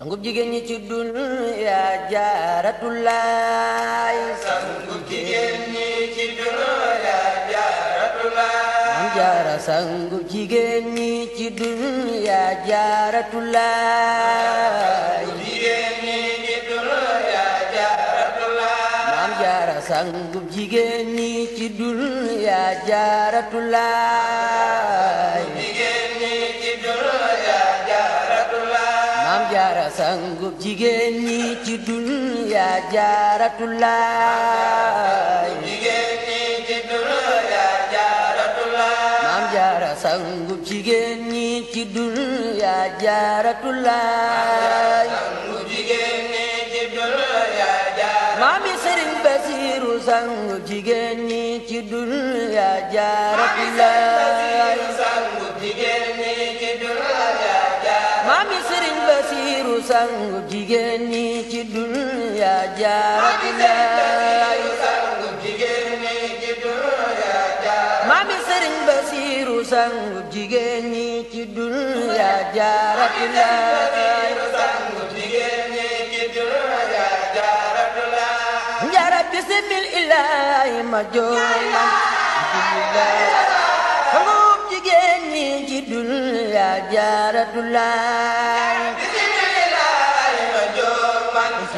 sangub jigéen ñi ci dunya jaaratullaay sangub jigéen ñi ci dunya jaaratullaay jaara sangub jigéen ñi ci dunya jaaratullaay jaara sangub sangu jigéen ñi ci dunya jaaratullaay jigéen ñi ci dunya jaaratullaay maam jigéen ñi ci dunya jaaratullaay sangu jigéen sangu jigéen ñi ci dunya jaarati laay sangu jigéen ñi ci dunya jaarati maami sëriñ Basiiru sangu jigéen ñi ci dunya jaarati laay sangu jigéen ñi ci dunya jaarati laay njaara bisimil ilaay ma joola sangu jigéen ñi ci dunya jaarati laay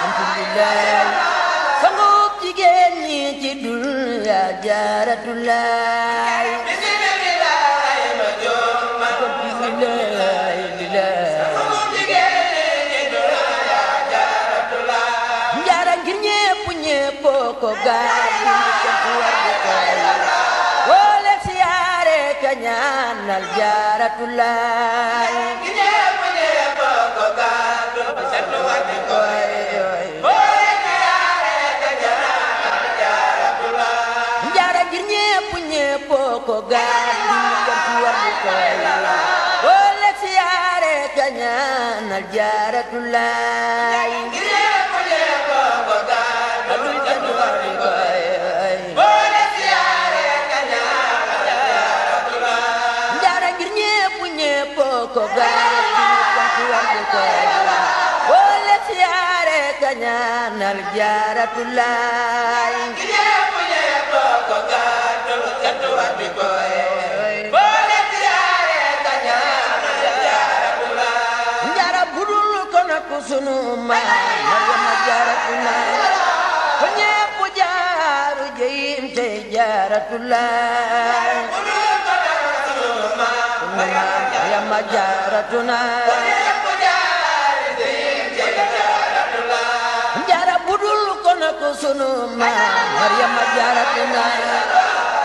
alhamdulilah sangu jigéen ñi ci dul ya jaaratulaay bismilaay ma joom ma alhamdulilah sangu jigéen ñi dul ya jaaratulaay njaara ngir ñépp ñéppoo ko gaar ñaanal jaaratulaay jaaratullaah ñaanal jaaratulaay ñépp ñépp ko gàttul sant wa bi koy boo leen siyaare ka ñaanal jaaratulaay njaara budul ko na ku sunu maam Maryama jaaratulaay ko ñépp jaaru jeyim te jaaratulaay budul ko na ku sunu maam Maryama jaaratulaay kudul ko na ko sunu maam Maryama jaaratu naa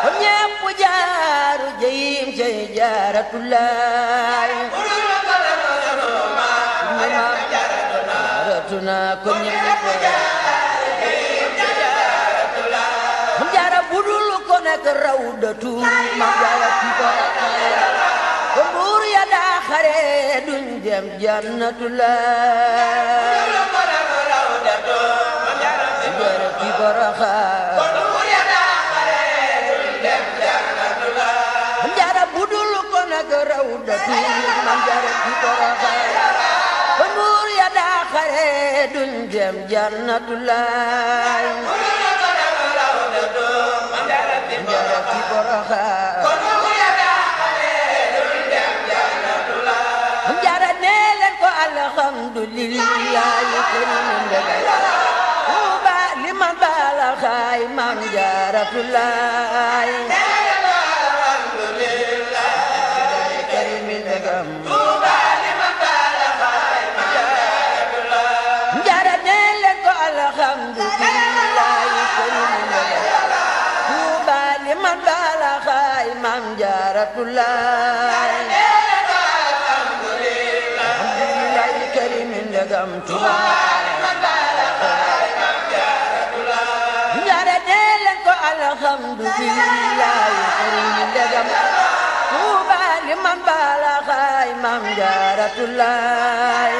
ko ñépp jaaru jeyim jey jaaratu laay kudul ko na ko sunu maam Maryama jaaratu naa ko ñépp jaaru jeyim jey jaaratu laay am jaara budul ko nekk rawdatu ma jaaratu ko ko mbuur ya daa xare duñ dem jannatu laay alhamdulillah xaay maam jaaratulaay alhamdulillah alhamdulillah karim ndegam Tuubaa alhamdulillahi sëriñ ndegam tuuba li man balaxaay mam jaaratullaay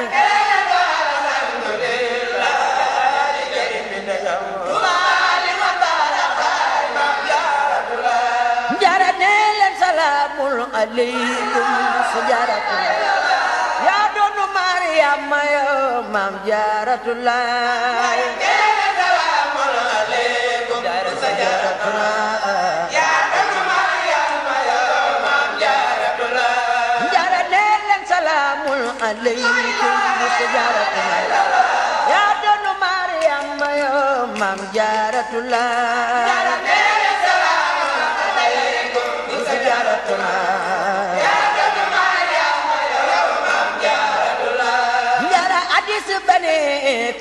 salaamun aleykum sujaaratullaay yaa doonu Mariama yow mam jaaratullaay عليكم بشجارتنا يا دون مريم يا مام جارة الله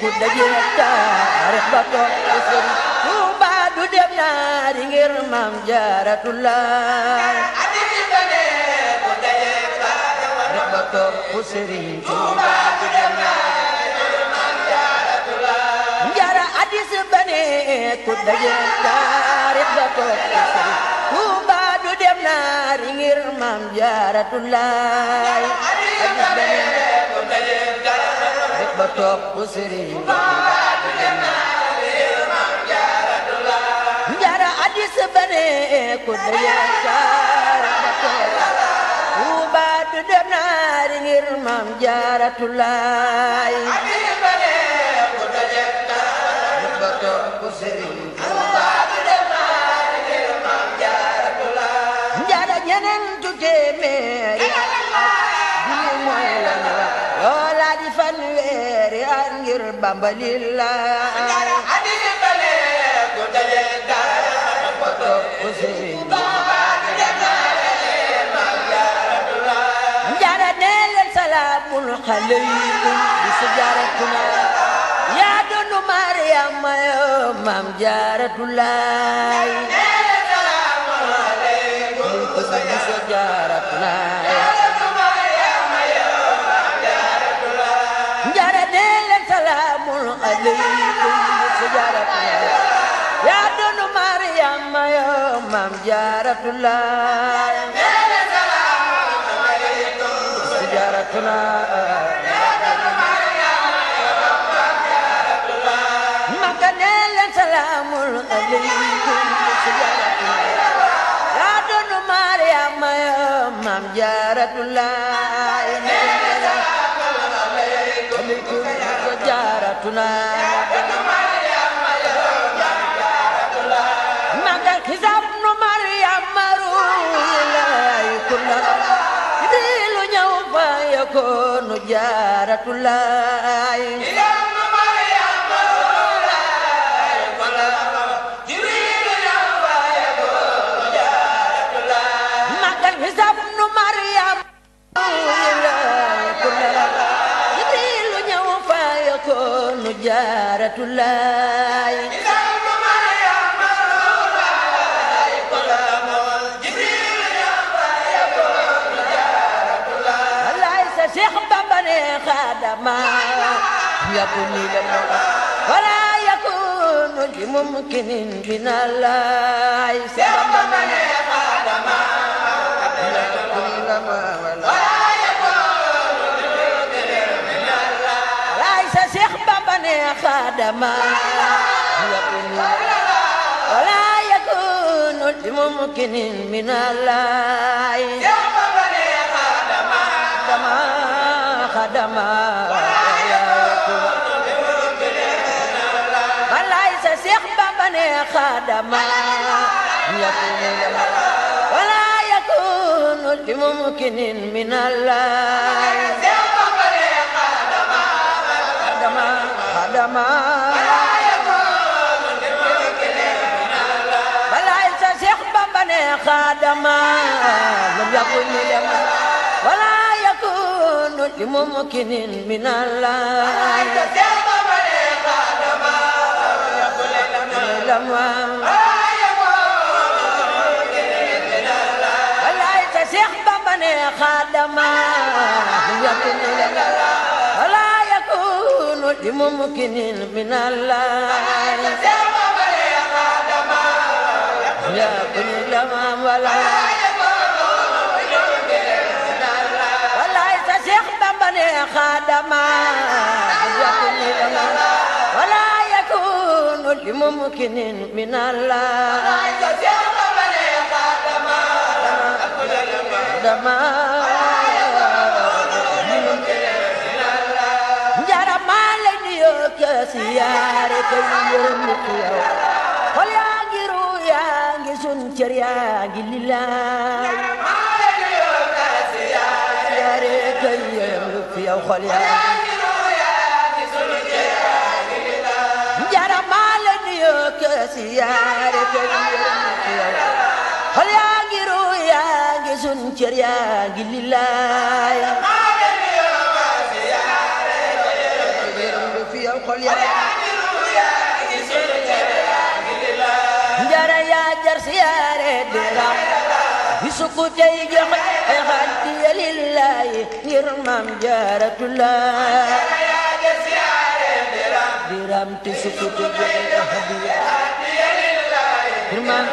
كل جيل التاريخ بطل du dem naari ngir maam ba topp sëriñ Tuuba du dem naari ngir ba ne ku daje taarix ba topp sëriñ ba ne ku kun baatu dem naari ngir maam jaaratulaay njaara ñeneen tu téeméeri junni mooy lan la loola di fanweeri ngir Bamba lillaay خليل بسجارتنا يا دون مريم يا مام جارة الله استجارتنا استجارتنا مكان سلام عليكم استجارتنا يا دون مريم مام جارت الله عليكم استجارتنا jaaratullaay jaaratullaay يكن لمنع ولا يكون لممكن بنا لا يسلم خادما ولا يكون لممكن من الله يا خادما خادما ne xadama wala yakunu li mumkinin min Allah xadama balaay sa Seex Bamba ne xadama lam yakun lema wala yakunu li mumkinin min Allah خادما يكون لنا ولا يكون لممكن من الله يكون لنا ولا ولا خادما يكون لنا ولا يكون لممكن من الله siyaare kay yërëm nit yow xol yaa ngi ru yaa ngi sun cër yaa ngi lilaay siyaare kay yërëm nit yow xol yaa ngi siyaare te xol yaa ngi ruu yaa ngi sun cër yaa ngi lillaay njara yaa jar siyaare dera bi sukku tey joxe ay xaddiya lillaay ngir maam jaaratullaay diram ti sukku tey joxe ay xaddiya man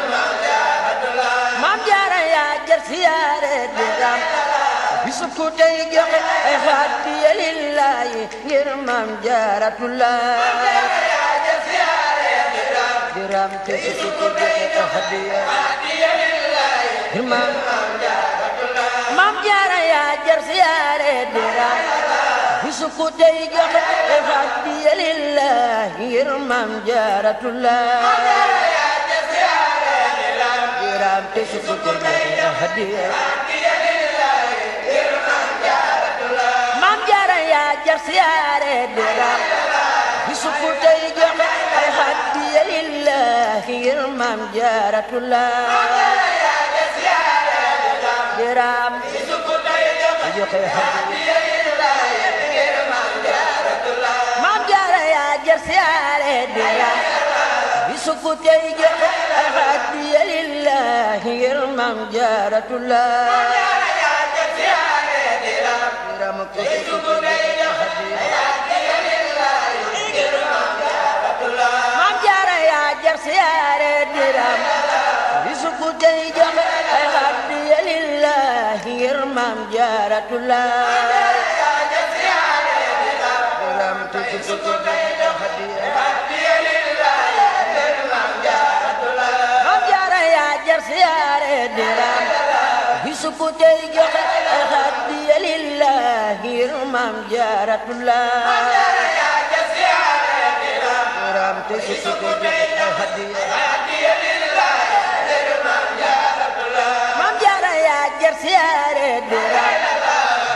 maam jaara yaa jar siyaare diram bisu ku tey joxe ay xaatiya lillaahi ngir maam jaaratulaay diram te bisu ku joxe ay xaatiya lillaahi ngir maam jaara yaa jar siyaare diram bisu ku tey joxe ay xaatiya lillaahi ngir maam jaaratulaay الإسلام تشفق المدينة هدية مام جارة يا جرس يا ريدنا يسفق تيجي أي هدية لله غير مام جارة الله درام يجي هدية مام جارة يا جرس يا ريدنا يسفق تيجي أي هدية Ilaahi ngir maam Jaaratullah maam Jaara yaa jar siyaare diram bisu ku tey joxe ay xaddiya lillaahi ngir maam Jaaratullah di raam bisub tey joxe hadiya lillahi maam jaaratullah te su su ko joxe hadiya lillahi maam jaaratulla maam jaara yaa jar siyaare diraam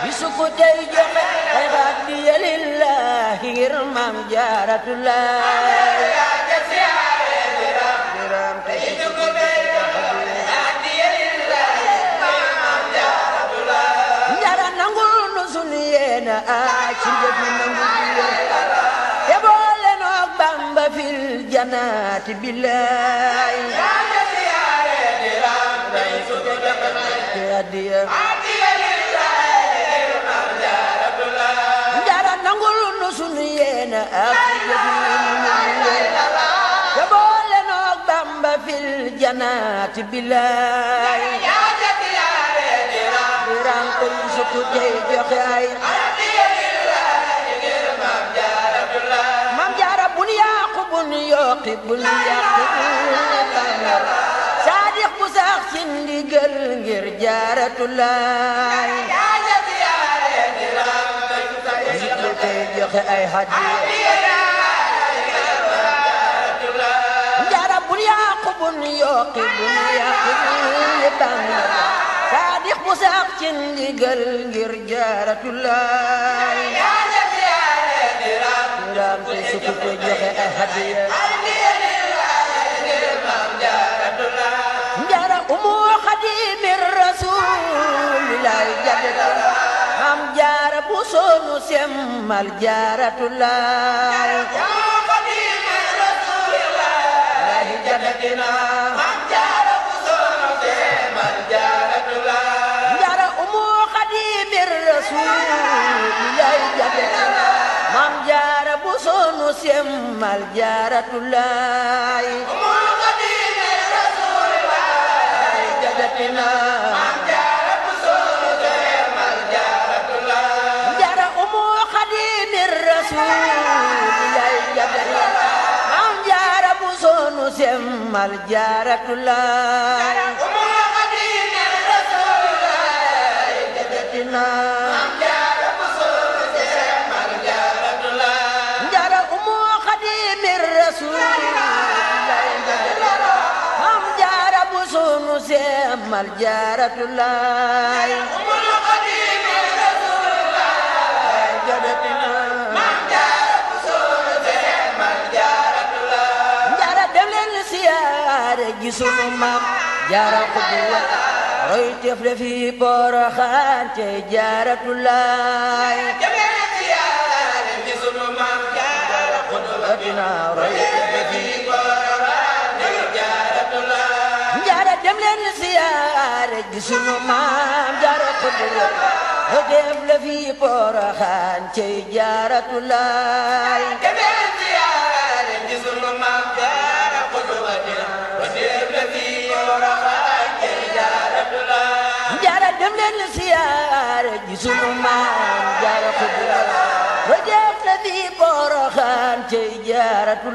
bisu ko tey joxe hadiya lillahi maam jaaratulla الجنات بالله يا نبي يا رب ليس تدخل الجنات بالله يا جدي يا رب رانكم سكوتي جخاي man yooqibul yàqibul saadiq bu sax ci ndigal ngir jaaratulaay nit ñi tey joxe ay hadiya jaarabul yàqibul yooqibul yàqibul saadiq bu sax ci ndigal ngir jaaratulaay jaam te su ko ko am jaara bu sonu semmal غصون سيما الجارة الله أم القديم رسول الله جدتنا جارة غصون سيما الجارة الله جارة أم قديم الرسول سيما الجارة الله أم القديم رسول الله جدتنا أجمل جارة الله أم القديم رسول الله جدتنا من جارة سورة أجمل جارة الله جارة دملن سيارة جسم مام جارة قدوة رأيت في برخان جارة الله جميل سيارة جسم مام جارة قدوة رأيت jaare ji sunu maam jaara ko dëgër mu def la fi poroxaan cey jaaratu laay jaara la fi poroxaan cey jaaratu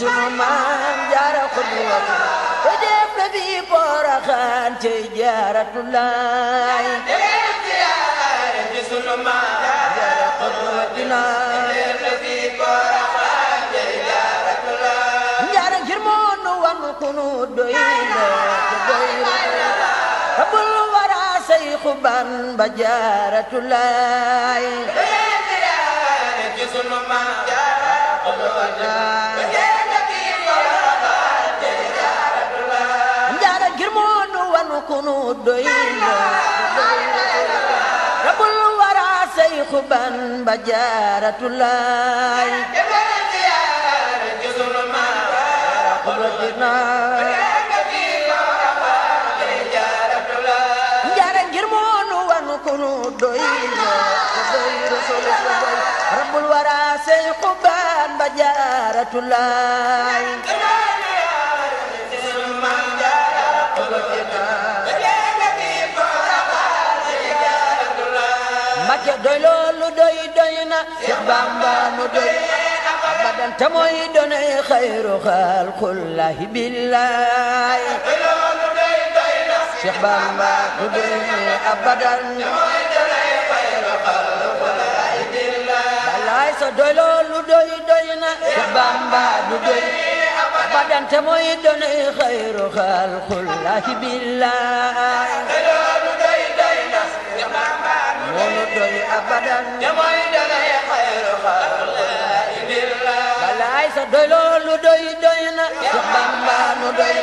sunu maam jaara xullu wax te def na fi Porokhane ci Jaaratulaay sunu maam jaara xullu wax dinaa def na fi Porokhane ci Jaaratulaay njaara ngir moo nu wan kunu doy na te doy na bul wara say xuban ba Jaaratulaay sunu maam jaara xullu wax kunu doy na rabul wara sayxu ban ba jaaratulaay njaara ngir moonu wan kunu doy na rabul wara sayxu ban ba jaaratulaay Cheikh Bamba nu doy abadan te mooy doonay xayru xalqullahi billaay Cheikh Bamba nu doy abadan te mooy doonay xayru xalqullahi billaay balaay sa doy loolu doy doy na Cheikh Bamba nu doy abadan te mooy doonay xayru xalqullahi billaay loolu doy doy na Cheikh Bamba nu doy abadan sa doy loolu doy doy na Seex Bamba nu doy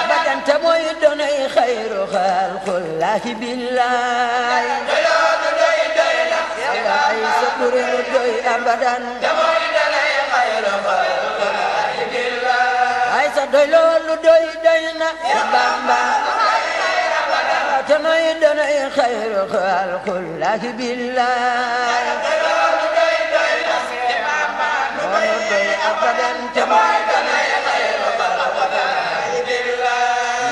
abadan te mooy donay xayru xalqullaahi billaay doy loolu doy doy na Seex Bamba sa kuréelu doy abadan te mooy donay xayru xalqullaahi billaay ay sa doy loolu doy doy na Seex Bamba te mooy donay xayru xalqullaahi billaay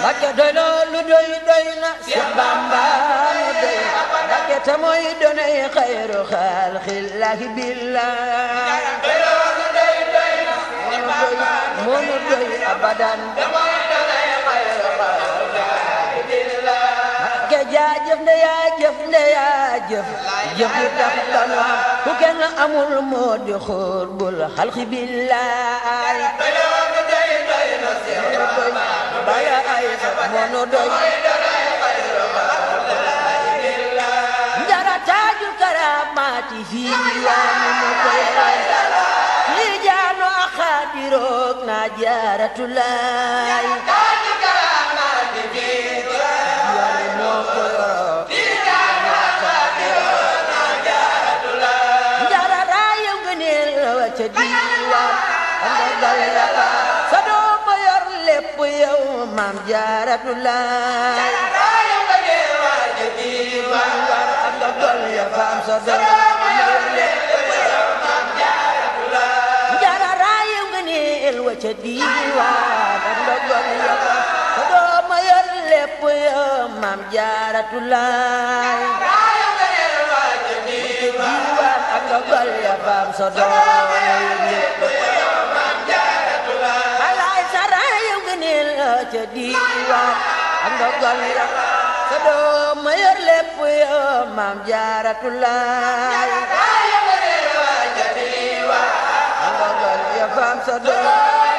Mbakke doy na lu doy doy na Seex Bamba doy Mbakke te mooy donay xayru xalqillahi billah moo nu doy abadan jëf nde yaa jëf nde yaa jëf jëf yu tax tana ku kenn amul moo di xóor bul xalqi billaay baya ay mono doy njara taaju karaamaati fii yaa nu mu koy li jaano a xaadiroog naa jaaratu laay sa dooma yor lépp yow maam jaaratu laay njaararaayu nga niil wa ca diiwaan nga ca diwaan ak ndogal ya sa doom ma yor lépp ya maam jaaratulaay ak ndogal ya faam sa doom